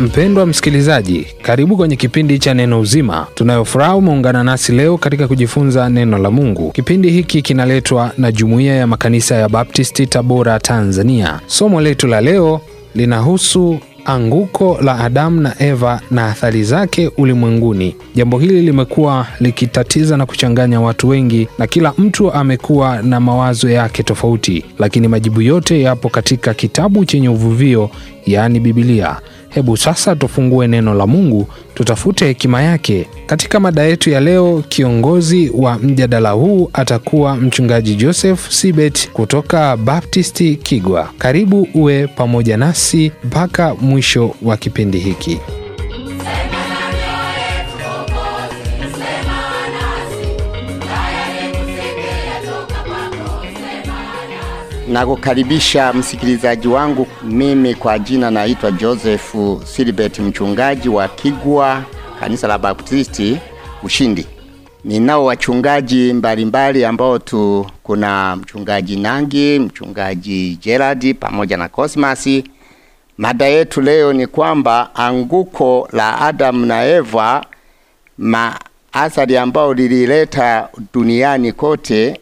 Mpendwa msikilizaji, karibu kwenye kipindi cha Neno Uzima. Tunayofuraha umeungana nasi leo katika kujifunza neno la Mungu. Kipindi hiki kinaletwa na Jumuiya ya Makanisa ya Baptisti, Tabora, Tanzania. Somo letu la leo linahusu anguko la Adamu na Eva na athari zake ulimwenguni. Jambo hili limekuwa likitatiza na kuchanganya watu wengi, na kila mtu amekuwa na mawazo yake tofauti, lakini majibu yote yapo katika kitabu chenye uvuvio, yaani Bibilia. Hebu sasa tufungue neno la Mungu, tutafute hekima yake. Katika mada yetu ya leo, kiongozi wa mjadala huu atakuwa mchungaji Joseph Sibet kutoka Baptisti Kigwa. Karibu uwe pamoja nasi mpaka mwisho wa kipindi hiki. Nakukaribisha msikilizaji wangu. Mimi kwa jina naitwa Joseph Silibet, mchungaji wa Kigwa, kanisa la Baptisti Ushindi. Ninao wachungaji mbalimbali ambao tu, kuna mchungaji Nangi, mchungaji Gerard pamoja na Cosmas. Mada yetu leo ni kwamba anguko la Adamu na Eva, maathari ambayo lilileta duniani kote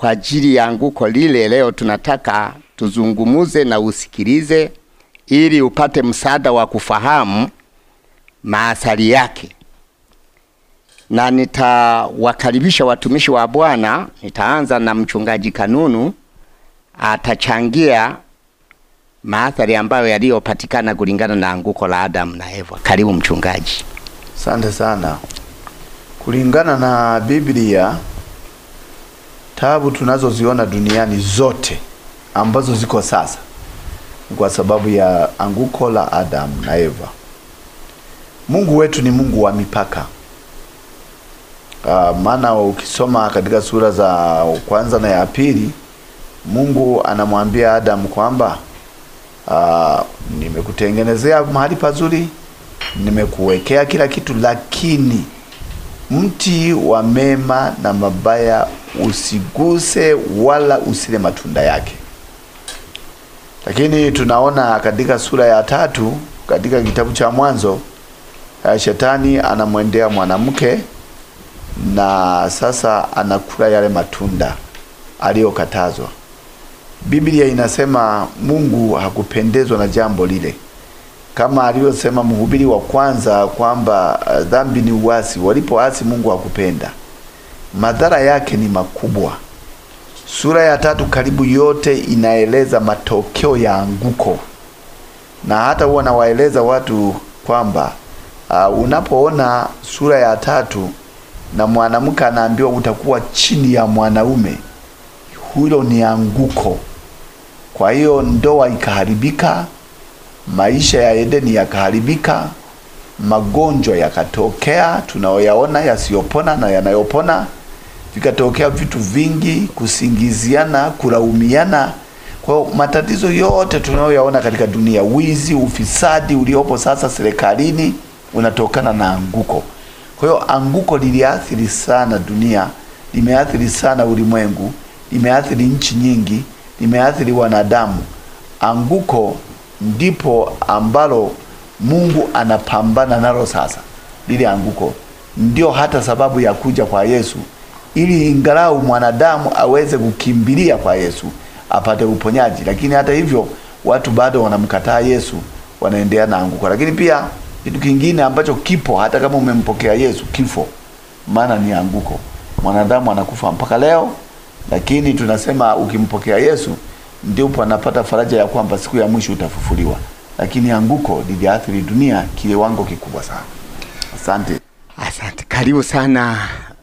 kwa ajili ya anguko lile. Leo tunataka tuzungumuze na usikilize, ili upate msaada wa kufahamu maasali yake, na nitawakaribisha watumishi wa Bwana. Nitaanza na mchungaji Kanunu, atachangia maathari ambayo yaliyopatikana kulingana na anguko la Adamu na Eva. Karibu mchungaji. Asante sana. Kulingana na Biblia Taabu tunazoziona duniani zote ambazo ziko sasa ni kwa sababu ya anguko la Adamu na Eva. Mungu wetu ni Mungu wa mipaka. Uh, maana ukisoma katika sura za kwanza na ya pili Mungu anamwambia Adamu kwamba uh, nimekutengenezea mahali pazuri, nimekuwekea kila kitu, lakini mti wa mema na mabaya usiguse wala usile matunda yake. Lakini tunaona katika sura ya tatu katika kitabu cha Mwanzo, eh, shetani anamwendea mwanamke na sasa anakula yale matunda aliyokatazwa. Biblia inasema Mungu hakupendezwa na jambo lile kama alivyosema mhubiri wa kwanza kwamba uh, dhambi ni uasi, walipoasi Mungu hakupenda. Madhara yake ni makubwa. Sura ya tatu karibu yote inaeleza matokeo ya anguko, na hata huwa nawaeleza watu kwamba uh, unapoona sura ya tatu na mwanamke anaambiwa utakuwa chini ya mwanaume, hilo ni anguko. Kwa hiyo ndoa ikaharibika maisha ya Edeni yakaharibika, magonjwa yakatokea tunaoyaona yasiyopona na yanayopona, vikatokea vitu vingi, kusingiziana, kulaumiana. Kwa hiyo matatizo yote tunayoyaona katika dunia, wizi, ufisadi uliopo sasa serikalini unatokana na anguko. Kwa hiyo anguko liliathiri sana dunia, limeathiri sana ulimwengu, limeathiri nchi nyingi, limeathiri wanadamu. Anguko ndipo ambalo Mungu anapambana nalo sasa, lile anguko. Ndio hata sababu ya kuja kwa Yesu, ili ingalau mwanadamu aweze kukimbilia kwa Yesu apate uponyaji. Lakini hata hivyo watu bado wanamkataa Yesu, wanaendelea na anguko. Lakini pia kitu kingine ambacho kipo hata kama umempokea Yesu, kifo, maana ni anguko. Mwanadamu anakufa mpaka leo, lakini tunasema ukimpokea Yesu ndipo anapata faraja ya kwamba siku ya mwisho utafufuliwa, lakini anguko liliathiri dunia kiwango kikubwa sana. Asante, asante. Karibu sana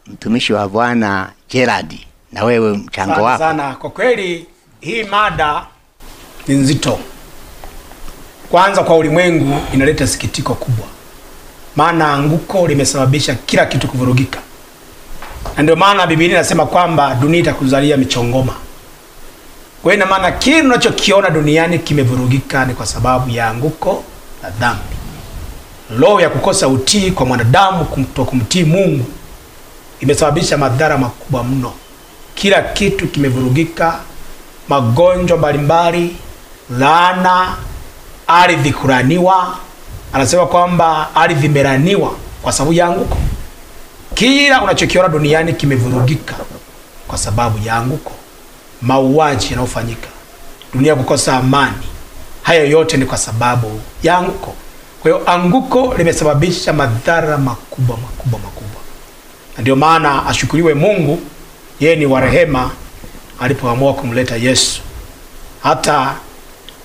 mtumishi wa Bwana Gerard, na wewe mchango wako sana. Kwa kweli hii mada ni nzito, kwanza kwa ulimwengu inaleta sikitiko kubwa, maana anguko limesababisha kila kitu kuvurugika, na ndio maana Biblia inasema kwamba dunia itakuzalia michongoma kwa hiyo maana kile unachokiona duniani kimevurugika ni kwa sababu ya anguko la dhambi. Roho ya kukosa utii kwa mwanadamu kumtii Mungu imesababisha madhara makubwa mno. Kila kitu kimevurugika, magonjwa mbalimbali, laana, ardhi kuraniwa. Anasema kwamba ardhi imeraniwa kwa sababu ya anguko. Kila unachokiona duniani kimevurugika kwa sababu ya anguko mauaji yanayofanyika, dunia kukosa amani, hayo yote ni kwa sababu ya anguko. Kwa hiyo anguko limesababisha madhara makubwa makubwa makubwa, na ndio maana ashukuriwe Mungu, yeye ni wa rehema alipoamua kumleta Yesu. Hata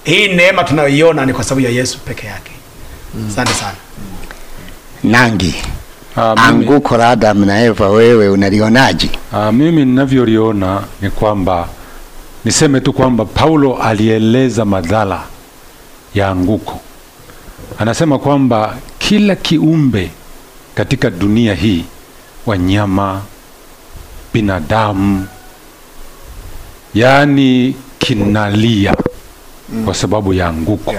hii neema tunayoiona ni kwa sababu ya Yesu peke yake. Asante mm. sana Nangi. Aa, ah, anguko la Adamu na Eva wewe unalionaje? Ah, mimi ninavyoliona ni kwamba Niseme tu kwamba Paulo alieleza madhara ya anguko. Anasema kwamba kila kiumbe katika dunia hii, wanyama, binadamu, yaani kinalia kwa sababu ya anguko,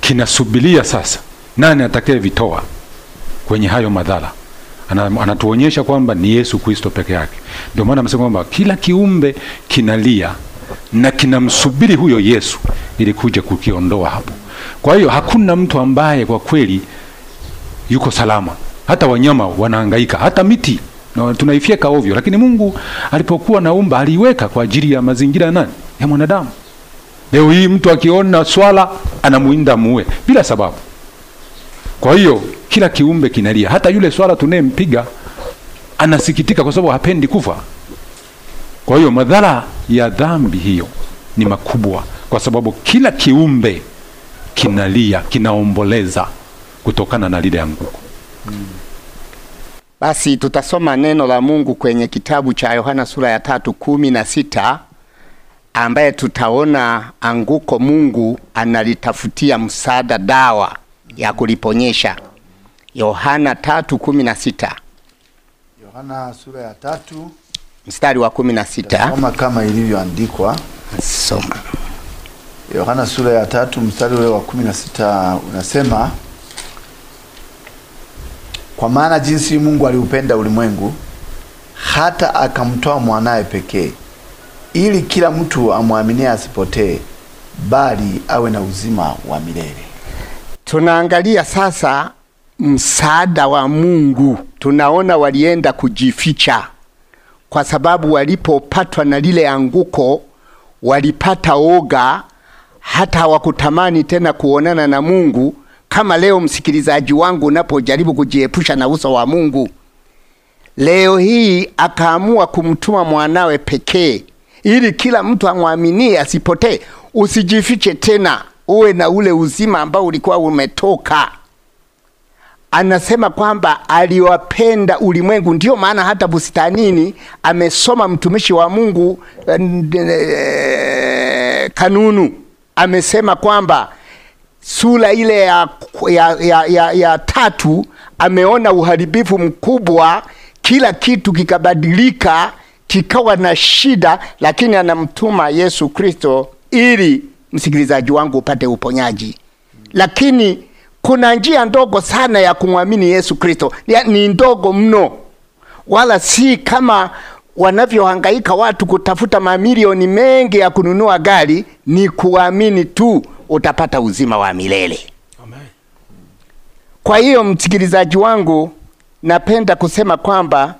kinasubilia sasa nani atakayevitoa kwenye hayo madhara anatuonyesha kwamba ni Yesu Kristo peke yake. Ndio maana amesema kwamba kila kiumbe kinalia na kinamsubiri huyo Yesu ili kuja kukiondoa hapo. Kwa hiyo hakuna mtu ambaye kwa kweli yuko salama. Hata wanyama wanahangaika, hata miti no, tunaifyeka ovyo, lakini Mungu alipokuwa naumba aliweka kwa ajili ya mazingira nani? Ya mwanadamu. Leo hii mtu akiona swala anamuinda muue bila sababu. Kwa hiyo kila kiumbe kinalia, hata yule swala tunayempiga anasikitika kwa sababu hapendi kufa. Kwa hiyo madhara ya dhambi hiyo ni makubwa, kwa sababu kila kiumbe kinalia, kinaomboleza kutokana na lile anguko. Basi tutasoma neno la Mungu kwenye kitabu cha Yohana sura ya tatu kumi na sita ambaye tutaona anguko Mungu analitafutia msaada, dawa ya kuliponyesha. Yohana 3:16. Yohana sura ya 3 mstari wa 16. Soma kama ilivyoandikwa. Soma. Yohana sura ya 3 mstari wa 16 unasema, kwa maana jinsi Mungu aliupenda ulimwengu hata akamtoa mwanaye pekee, ili kila mtu amwaminie asipotee, bali awe na uzima wa milele. Tunaangalia sasa msaada wa Mungu, tunaona walienda kujificha kwa sababu walipopatwa na lile anguko walipata oga, hata hawakutamani tena kuonana na Mungu. Kama leo, msikilizaji wangu, unapojaribu kujiepusha na uso wa Mungu, leo hii akaamua kumtuma mwanawe pekee, ili kila mtu amwaminie asipotee. Usijifiche tena uwe na ule uzima ambao ulikuwa umetoka. Anasema kwamba aliwapenda ulimwengu, ndiyo maana hata bustanini amesoma mtumishi wa Mungu eh, eh, kanunu, amesema kwamba sura ile ya, ya, ya, ya, ya tatu ameona uharibifu mkubwa, kila kitu kikabadilika kikawa na shida, lakini anamtuma Yesu Kristo ili msikilizaji wangu upate uponyaji. Lakini kuna njia ndogo sana ya kumwamini Yesu Kristo, ni ndogo mno, wala si kama wanavyohangaika watu kutafuta mamilioni mengi ya kununua gari. Ni kuamini tu, utapata uzima wa milele. Kwa hiyo msikilizaji wangu, napenda kusema kwamba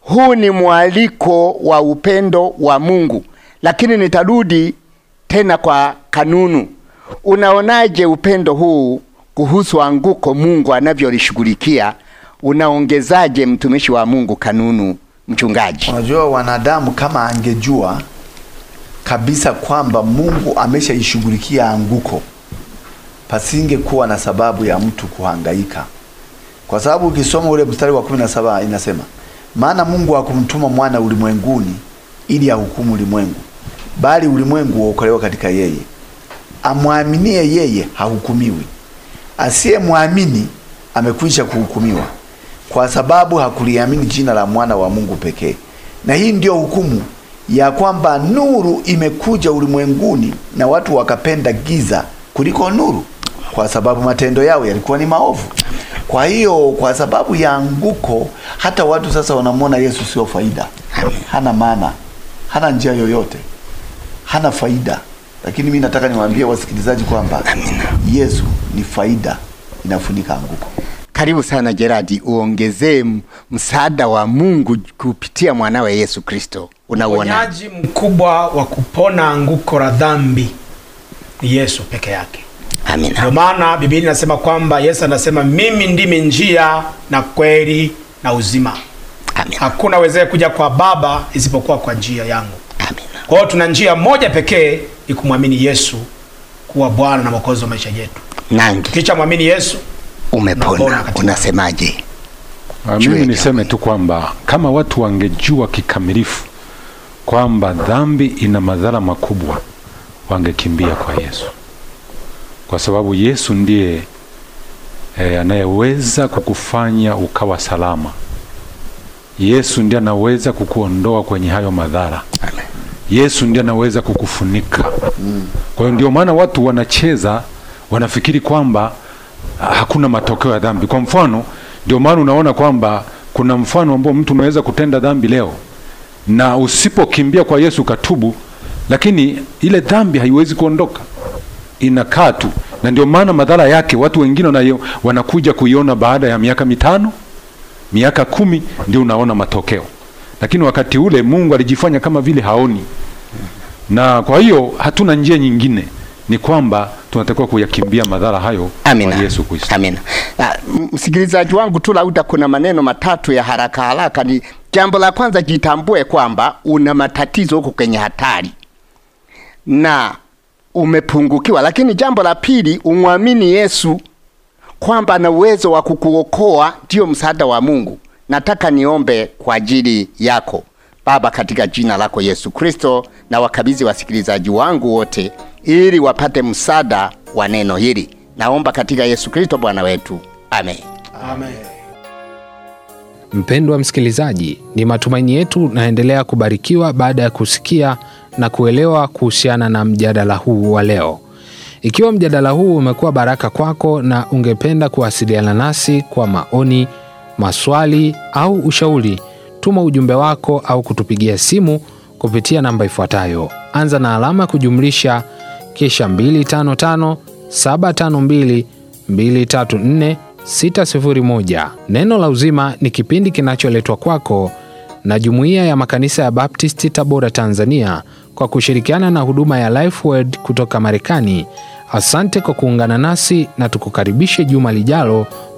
huu ni mwaliko wa upendo wa Mungu, lakini nitarudi tena kwa kanunu. Unaonaje upendo huu kuhusu anguko Mungu anavyolishughulikia? Unaongezaje mtumishi wa Mungu kanunu, mchungaji? Unajua, wanadamu kama angejua kabisa kwamba Mungu ameshaishughulikia anguko, pasingekuwa na sababu ya mtu kuhangaika, kwa sababu ukisoma ule mstari wa kumi na saba inasema, maana Mungu hakumtuma mwana ulimwenguni ili ahukumu ulimwengu, bali ulimwengu uokolewa katika yeye. Amwaminie yeye hahukumiwi, asiye mwamini amekwisha kuhukumiwa, kwa sababu hakuliamini jina la mwana wa Mungu pekee. Na hii ndiyo hukumu ya kwamba nuru imekuja ulimwenguni na watu wakapenda giza kuliko nuru, kwa sababu matendo yao yalikuwa ni maovu. Kwa hiyo kwa sababu ya anguko, hata watu sasa wanamwona Yesu sio faida, hana maana, hana njia yoyote hana faida, lakini mimi nataka niwaambie wasikilizaji kwamba Yesu ni faida inafunika anguko. Karibu sana Gerard, uongezee msaada wa Mungu kupitia mwanawe Yesu Kristo. Unauona mponyaji mkubwa wa kupona anguko la dhambi ni Yesu peke yake. Amina. Kwa maana Biblia inasema kwamba Yesu anasema mimi ndimi njia na kweli na uzima. Amina. Hakuna wezee kuja kwa Baba isipokuwa kwa njia yangu. Kwa hiyo tuna njia moja pekee ikumwamini Yesu kuwa Bwana na Mwokozi wa maisha yetu. Nangi. Kisha mwamini Yesu umepona. Unasemaje? Mimi niseme tu kwamba kama watu wangejua kikamilifu kwamba dhambi ina madhara makubwa, wangekimbia kwa Yesu, kwa sababu Yesu ndiye e, anayeweza kukufanya ukawa salama. Yesu ndiye anaweza kukuondoa kwenye hayo madhara. Amen. Yesu ndiye anaweza kukufunika. Kwa hiyo ndio maana watu wanacheza, wanafikiri kwamba hakuna matokeo ya dhambi. Kwa mfano, ndio maana unaona kwamba kuna mfano ambao mtu unaweza kutenda dhambi leo na usipokimbia kwa Yesu katubu, lakini ile dhambi haiwezi kuondoka, inakaa tu, na ndio maana madhara yake watu wengine na wanakuja kuiona baada ya miaka mitano, miaka kumi, ndio unaona matokeo lakini wakati ule Mungu alijifanya kama vile haoni, na kwa hiyo hatuna njia nyingine, ni kwamba tunatakiwa kuyakimbia madhara hayo Amina. Kwa Yesu Kristo. Amina. Msikilizaji wangu tu, lauta kuna maneno matatu ya haraka haraka. Ni jambo la kwanza, jitambue kwamba una matatizo huko kwenye hatari na umepungukiwa, lakini jambo la pili, umwamini Yesu kwamba na uwezo wa kukuokoa, ndiyo msaada wa Mungu nataka niombe kwa ajili yako. Baba, katika jina lako Yesu Kristo, na wakabidhi wasikilizaji wangu wote ili wapate msaada wa neno hili. Naomba katika Yesu Kristo Bwana wetu, amen. Amen. Mpendwa msikilizaji, ni matumaini yetu naendelea kubarikiwa baada ya kusikia na kuelewa kuhusiana na mjadala huu wa leo. Ikiwa mjadala huu umekuwa baraka kwako na ungependa kuwasiliana nasi kwa maoni maswali au ushauri, tuma ujumbe wako au kutupigia simu kupitia namba ifuatayo: anza na alama ya kujumlisha kisha 255 Neno la Uzima ni kipindi kinacholetwa kwako na Jumuiya ya Makanisa ya Baptisti Tabora, Tanzania, kwa kushirikiana na huduma ya Lifeword kutoka Marekani. Asante kwa kuungana nasi na tukukaribishe juma lijalo